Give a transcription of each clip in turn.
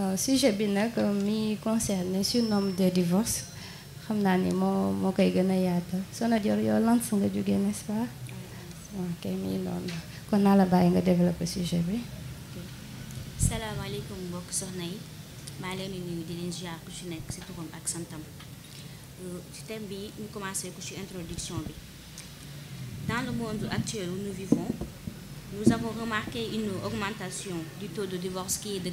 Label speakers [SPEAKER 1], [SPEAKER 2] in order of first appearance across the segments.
[SPEAKER 1] waaw sujet bi nag mi concerne sur nombre de divorce xam naa ni moo moo koy gën a yaatal Soxna Dior yow lance nga jógee n'est-ce pas kon naa la bàyyi nga développer sujet bi salaamaaleykum mbokk soxna yi maa leen di nuyu di leen ku ci nekk ci turam ak santam euh, ci thème bi ñu commencé ku ci introduction bi dans le monde actuel où nous vivons nous avons remarqué une augmentation du taux de divorce qui de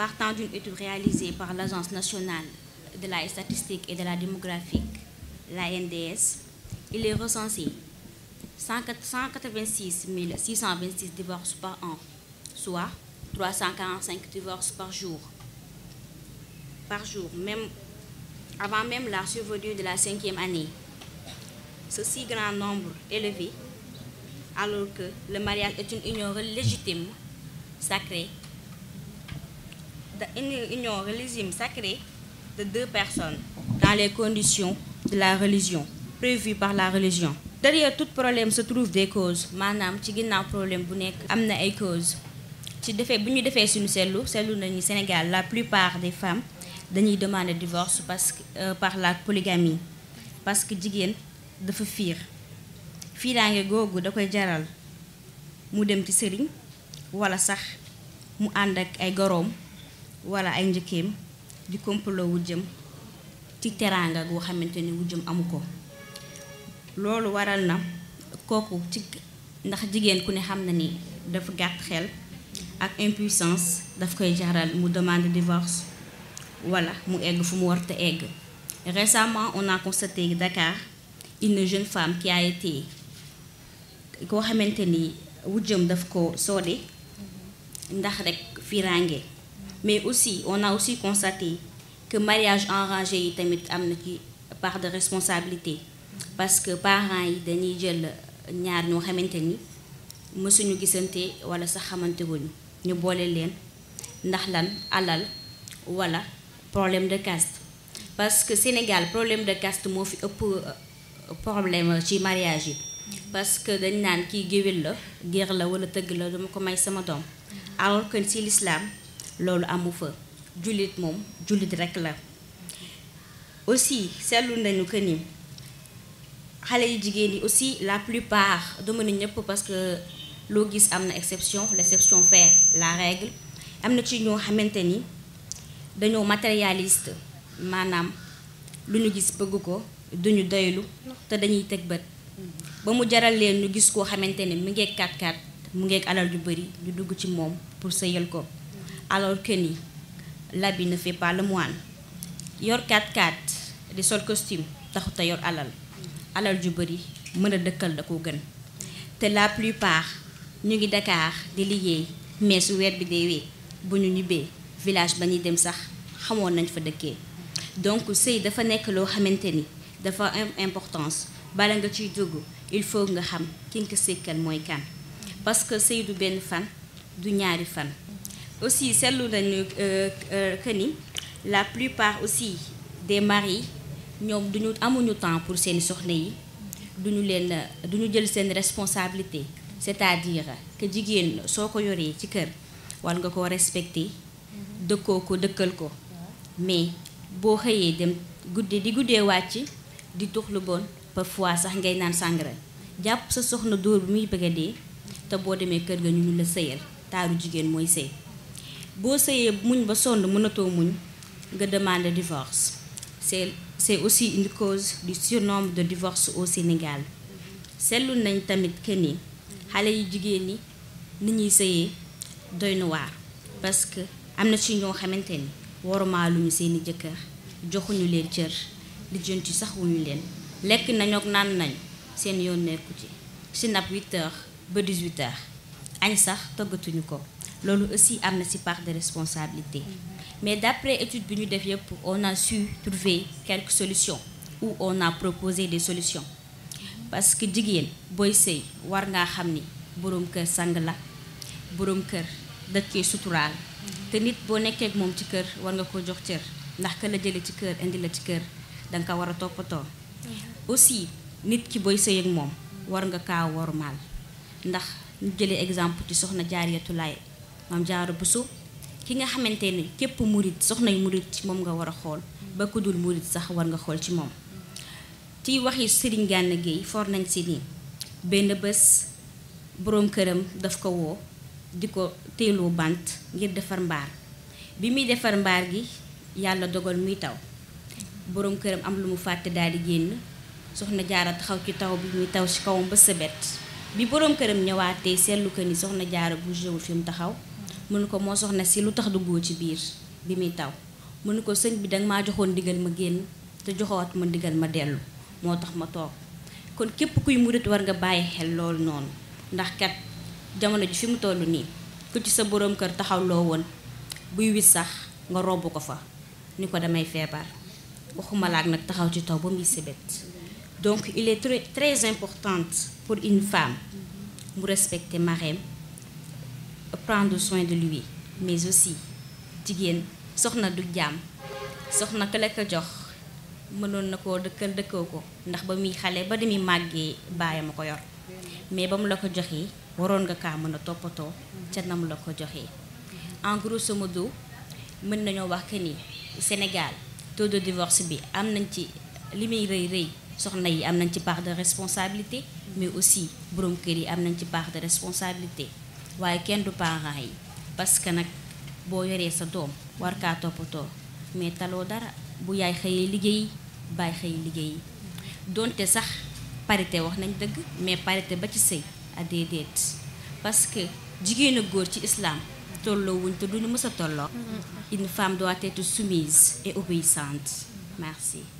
[SPEAKER 1] partant d'une étude réalisée par l'Agence nationale de la statistique et de la démographie, l'ANDS, il est recensé 186 626 divorces par an, soit 345 divorces par jour. Par jour, même avant même la survenue de la cinquième année. Ce si grand nombre élevé, alors que le mariage est une union légitime, une union religieuse sacrée de deux personnes dans les conditions de la religion prévues par la religion. derrière tout problème se trouve des causes maanaam ci ginnaaw problème bu nekk am na ay causes ci defee bu ñu defee suñu seetlu seetlu nañu Sénégal la plupart des femmes dañuy demande divorce parce que euh, par la polygamie parce que jigéen dafa fiir fiiraange googu da koy jaral mu dem ci sëriñ walla sax mu ànd ak ay goroom wala ay njëkkeem di wu jëm ci teraanga goo xamante ni jëm amu ko loolu waral na kooku ci ndax jigéen ku ne xam na ni dafa gàtt xel ak impuissance daf koy jaral mu demande divorce wala mu egg fu mu war te egg récemment on a constaté Dakar une jeune femme qui a été koo xamante ni wu jëm daf ko soode ndax rek firange mais aussi on a aussi constaté que mariage enrangé yi tamit am na ci par de responsabilité parce que parents yi dañuy jël ñaar ñoo xamante ni mësuñu gisante wala sa xamante wuñu ñu boole leen ndax lan alal wala problème de caste parce que Sénégal problème de caste moo fi ëpp euh, problème ci mariage yi parce que dañ naan kii géwél la géer la wala tëgg la dama ko may sama doom alors que si l'islam loolu amu fa jullit moom jullit rekk la aussi seetlu nañu que ni xale yu jigéen yi aussi la plupart dama ne ñëpp parce que loo gis am na exception l'exception fait la règle am na ci ñoo xamante ni dañoo matérialiste maanaam lu ñu gis bëgg ko duñu doylu te dañuy teg bët ba mu jaral leen ñu gis koo xamante ni mu ngeeg kat-kat mu ngeeg alal yu bari ñu dugg ci moom pour sëyal ko alors que ni l'habit ne fait le moine yor 4x4 di sol costume taxut a yor alal alal ju bëri mën a dëkkal da ko gën te la plupart ñu ngi Dakar di liggéey mais su weer bi deewee bu ñu ñibbee village ba ñuy dem sax xamoon nañ fa dëkkee donc sëy dafa nekk loo xamante ni dafa am importance bala nga ciy dugg il faut nga xam ki nga ko sékkal mooy kan parce que sëy du benn fan du ñaari fan aussi seetlu nañu euh, euh, que ni la plupart aussi des maris ñoom duñu amuñu temps pour seen soxna yi du ñu leen du ñu jël seen responsabilité c'est-à-dire que jigéen soo ko yoree ci kër war nga koo respecter dëkkoo ko dëkkal ko mais boo xëyee dem guddi di guddee wàcc di tux lu bon parfois sax ngay naan sàngara jàpp sa soxna dóor bi muy bëgg dee te boo demee kër ga ñu ñu la sëyal taaru jigéen mooy sëy boo sëyee muñ ba sonn mënatoo muñ nga demander divorce c'est c'est aussi une cause du surnombre de divorce au Sénégal seetlu nañ tamit que ni xale yu jigéen ñi ni ñuy sëyee doy na waar parce que am na ci ñoo xamante ni warumaaluñu seeni jëkkër joxuñu leen cër ci sax wuñu leen lekk nañu naan nañu seen yoon nekku ci ci napp 8 heures ba 18 heures añ sax toggatuñu ko loolu aussi am na si part de responsabilité mm-hmm. mais d'après étude bi ñu def yëpp on a su trouver quelques solution ou on a proposé solution parce que jigéen booy sëy war ngaa xam ni boroom kër sang la boroom kër dëkkee suturaal mm-hmm. te nit boo nekkee ak moom ci kër war nga ko jox cër ndax ka la jële ci kër indi la ci kër danga ko war a toppatoo mm-hmm. aussi nit ki booy sëy ak moom war nga kaa wormaal ndax ñu jëlee exemple ci soxna Jaariyatu Laay maam bu Buso ki nga xamante ni képp murit soxnay murit ci moom nga war a xool ba ku dul murit sax war nga xool ci moom ci waxi Serigne Gana gi for nañ si nii benn bés boroom këram daf ko woo di ko teeloo bant ngir defar mbaar bi muy defar mbaar gi yàlla dogal muy taw boroom këram am lu mu fàtte daal di génn soxna jaaro taxaw ci taw bi muy taw ci kawam ba sëbet bi boroom këram ñëwaatee seetlu ko ni soxna jaaro bu jëwul fi mu taxaw mënu ko moo soxna si lu tax duggoo ci biir bi muy taw mënu ko sëñ bi danga maa joxoon ndigal ma génn te joxoot ma ndigal ma dellu moo tax ma toog kon képp kuy murit war nga bàyyi xel loolu noonu ndax kat jamono ji fi mu toll nii ku ci sa boroom kër taxaw loo woon buy wit sax nga robb ko fa ni ko damay feebar waxuma laak nag taxaw ci taw ba muy sebet donc il est très très importante pour une femme mu respecter marraine prendre soin de lui mais aussi jigéen soxna du jàmm soxna ka la ko jox mënoon na ko dëkkal dëkkoo ko ndax ba muy xale ba demi màggee baayam a ko yor mais ba mu la ko joxee waroon nga kaa mën a toppatoo ca nam la ko joxee en grosso modo mën nañoo wax que ni Sénégal taux de divorce bi am nañ ci li muy rëy rëy soxna yi am nañ ci part de responsabilité mais aussi borom kër yi am nañ ci part de responsabilité waaye kenn du parents yi parce que nag boo yoree sa doom war kaa toppatoo mais taloo dara bu yaay xëyee liggéey bàyyi xëy liggéey donte sax parité wax nañ dëgg mais parité ba ci sëy a déedéet parce que jigéen ak góor ci islaam tolloo wuñ te duñu mës a tolloo mm-hmm. une femme doit être soumise et obéissante merci